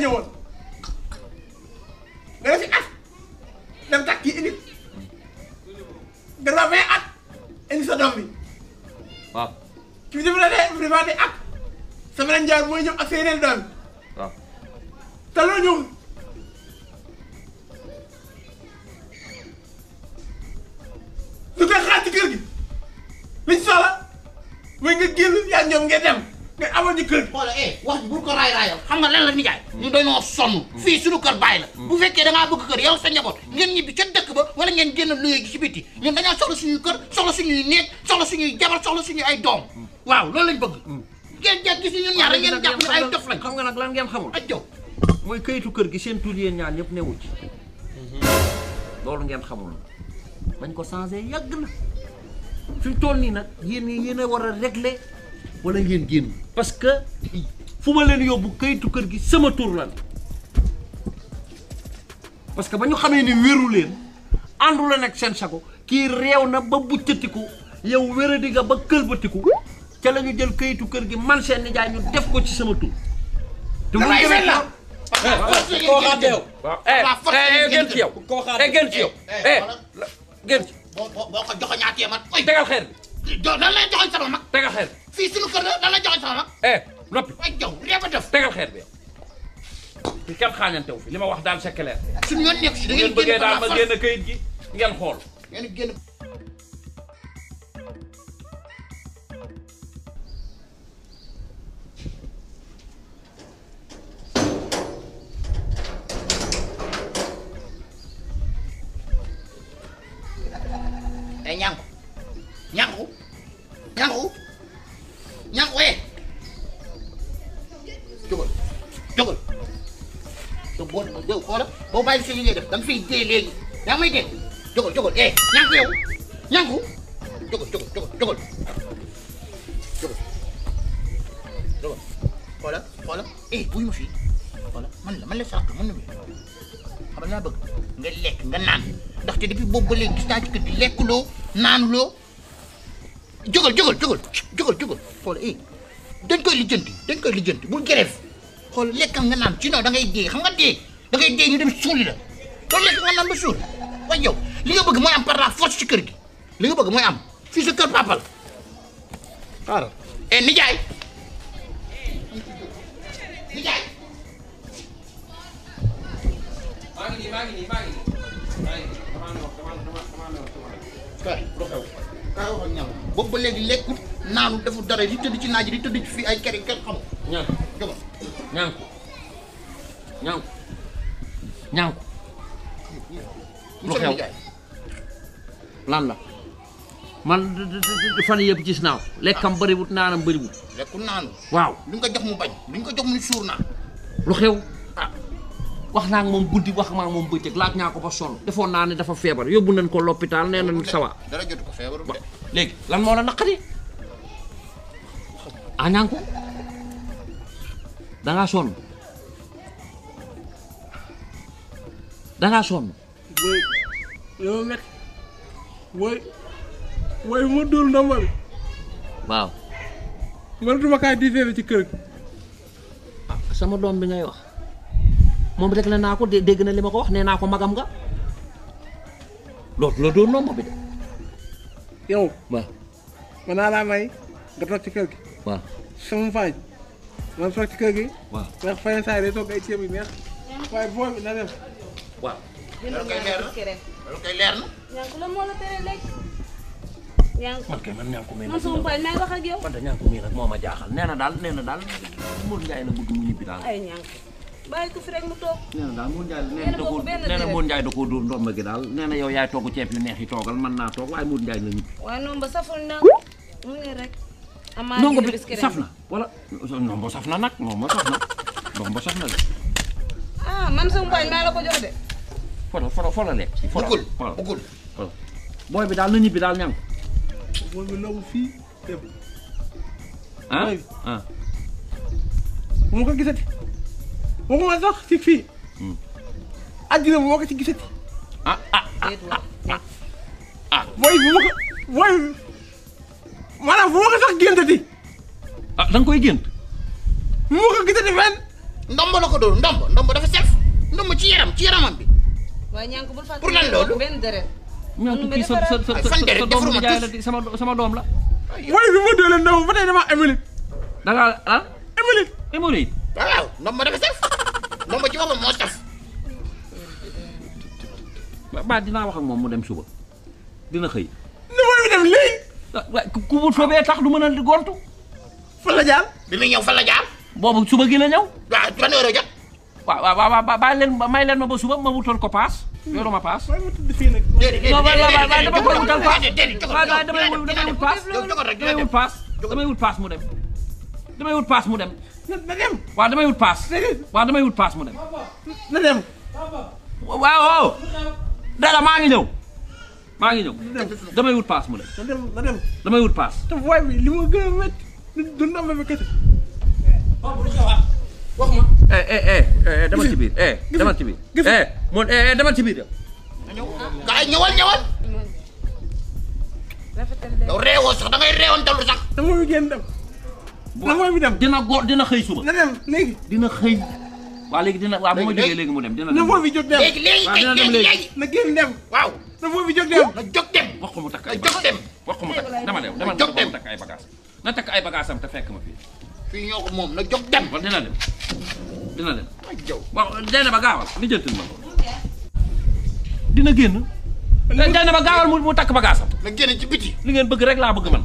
ñëwoon nga def at dem takk kii indi nga def vingt at indi sa doom bi waaw. kii dafa la dee ak sama njaar mooy ñëw ak sa yeneen doom. waaw. te loo ñëw. lu gi liñ soxla mooy nga génn yaa ñoom ngeen dem. nga amal ñu kër. xoolal eh wax ji bul ko raay raayal xam nga lan la nijaay. Hmm. ñu dañoo sonn. Hmm. fii suñu kër baay la. Hmm. bu fekkee da ngaa bëgg kër yow sa njaboot. ngeen ñibbi ca dëkk ba wala ngeen génn luye gi ci biti ñun dañoo soxla suñuy kër soxla suñuy néeg soxla suñuy ay doom. waaw loolu lañ bëgg. ngeen jàpp gis ñun ñaar ngeen jàpp ne ay dof lañ. xam nga nag lan ngeen xamul ak jow mooy kayitu kër gi seen tur yéen ñaar ñëpp newu loolu ngeen xamul bañ ko changé yàgg na fi mu toll nii nag yéen yéen a war a régler wala ngeen génn parce que fu ma leen yóbbu kayitu kër gi sama tur lan parce que ba ñu xamee ni wéru leen àndu la nag seen sago kii réew na ba buccatiku yow wéradi nga ba këlbatiku ca la ñu jël kayitu kër gi man seen nijaay ñu def ko ci sama tur te mu demee la koo xaar yow gën ci yow koo xaar gën ci yow eh, eh, gën ci boo fii suñu kër la dana joxe sax nag. eh noppi. waaye jaw réew a def. tegal xeer bi yow. fi kenn xaañantew fi li ma wax daal c'est clair. suñu yoon nekk si da ngeen génn daal ma génn kayit gi ngeen xool. ngeen génn. Eh, ñànku ñànku ñànku. ñàkk ooyee jógal jógal te boo boo xoolal boo bàyyi si li ngay def da nga fiy dee léegi yaa may dee jógal jógal eh ñàkk yow ñàkk jógal jógal jógal jógal jógal jógal xoolal xoolal eh ma fii xoolal man la man la sàq mën na mi xam nga bëgg nga lekk nga naan ndaxte depuis boobu ba léegi gis naa ci kër gi lekkuloo jógal jógal jógal jógal jógal xool eh dañ koy lijjanti dañ koy lijjanti bul grève xool lekkal nga naan ci da ngay dee xam nga dee da ngay dee ñu dem suuli la loolu lekk nga naan ba suul waaye li nga bëgg mooy am par la force ci kër gi li nga bëgg mooy am fii sa kër papa la xaaral eh nijaay daa wax ak ñaar boobu ba léegi lekkut naanu defu dara di tëdd ci naaj di tëdd fii ay kër kër xamul. ñaanku jógal la man fan gis naa ko ah. lekkam bëriwut naanam bëriwut. lekkul naanu. waaw duñ ko jox mu bañ duñ ko jox mu suur naa. lu xew. wax naa moom guddi wax maa moom bëccëg laaj naa ko ba sonn defoon naa dafa feebar yóbbu nañ ko l'hôpital nee nañ sawa dara jotu ko léegi lan moo la naqari añaanku dangaa sonn dangaa sonn wooy ma dóor ndomba bi waaw mënatuma ci kër ah, sama doom bi ngay wax moom réglé naa ko dégg na li ma ko wax nee naa ko magam nga loolu la doon nombre bi de. ci kër gi. waaw man ci kër gi. waaw ndax fayen saa kay man kay nag moo ma jaaxal nee daal nee daal Mourou Ndiaye la bëgg mu ñibbi daal. bàyyi ko fi mu toog. nee daal Mour Ndiaye nee na da da koo dóor ndomba gi daal nee na yow yaay togg ceeb yu neex yi toogal mën naa toog waaye Mour Ndiaye la ñu. waaye na mu ne rek. saf na wala ndomba saf na nag ndomba saf na ndomba ah, folo folo folo folo booy bi daal na ñibbi daal ñang booy bi ah, ah. ko gisati. waxuma sax ci fii. àddina hmm. moo ko ci gisati. ah ah ah ah. mooy bu ma ko mooy maanaam bu ma ko sax géntati. ah da nga koy gént. bu ma ko gisati fenn. ndombo la ko dóor ndombo ndombo dafa sef ndombo ci yaram ci yaramam bi. waaw ña nga ko bul pour lan loolu benn deret. ñaata kii sa sa sa sa doom bi jaay la sama sama doom la. mooy bi ma doolee ndombo ba tey dama am hémorroïde. da ngaa ah. hémorroïde hémorroïde. waaw ndombo dafa sef. moom ba ci boppam moo taf. ba dinaa wax ak moom mu dem suba dina xëy. ni ma dem léegi. wa ku wut fa bee tax du mën a di gontu. fan la jaar. bi muy ñëw fan la jaar. boobu suba gi la ñëw. waaw ban heure jot. waaw waaw waaw bàyyi leen may leen ma ba suba ma wutal ko paas. yoru ma paas. waaye ma tudd fii nag. déedéet dama koy wutal paas. damay wut paas damay wut paas mu dem damay wut paas mu dem. na dem waaw damay wut paas. waaw damay wut paas mu dem. na dem. waaw dara maa ngi ñëw. maa ngi ñëw damay wut paas mu dem. na dem na dem damay wut paas. te voie bi li ma gën a métti du ndam bi kese. wax ma. Eh, eh, eh, demal ci biir demal ci biir. gis nga moom demal ci biir yow. gaa yi ñëwal ñëwal. yow réewoo sax da ngay réewantalu sax. dama génn dem. na mooy mu dem dina góor dina xëy suba. na dem léegi dina xëy. waa léegi dina waa bu ma jógee léegi mu dem dina dem. na foofu jóg dem léegi léegi kay léegi na génn dem waaw. na foofu jóg dem na jóg dem. wax mu takk ay bagages wax dama dem dama dem takk ay bagages na takk ay bagages am te fekk ma fii. fii ñoo ko moom na jóg dem. waaw dina dem dina dem. waaw dina ba gaawal li jëntil ma dina génn. dina ba gaawal mu takk bagages am. na génn ci biti. li ngeen bëgg rek laa bëgg man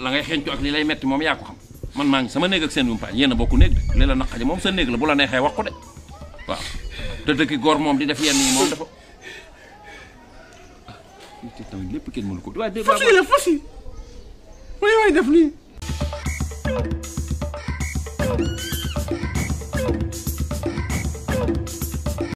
la ngay xencu ak li lay metti moom yaa ko xam man maa ngi sama néeg ak seen yumpaañ yéen a bokk néeg de li la naqaje moom sa néeg la bu la neexee wax ko de waaw te dëkki góor moom di def yenn yi moom dafa ah, te tamit ko waaye fas yi la fas yi waay waay def nii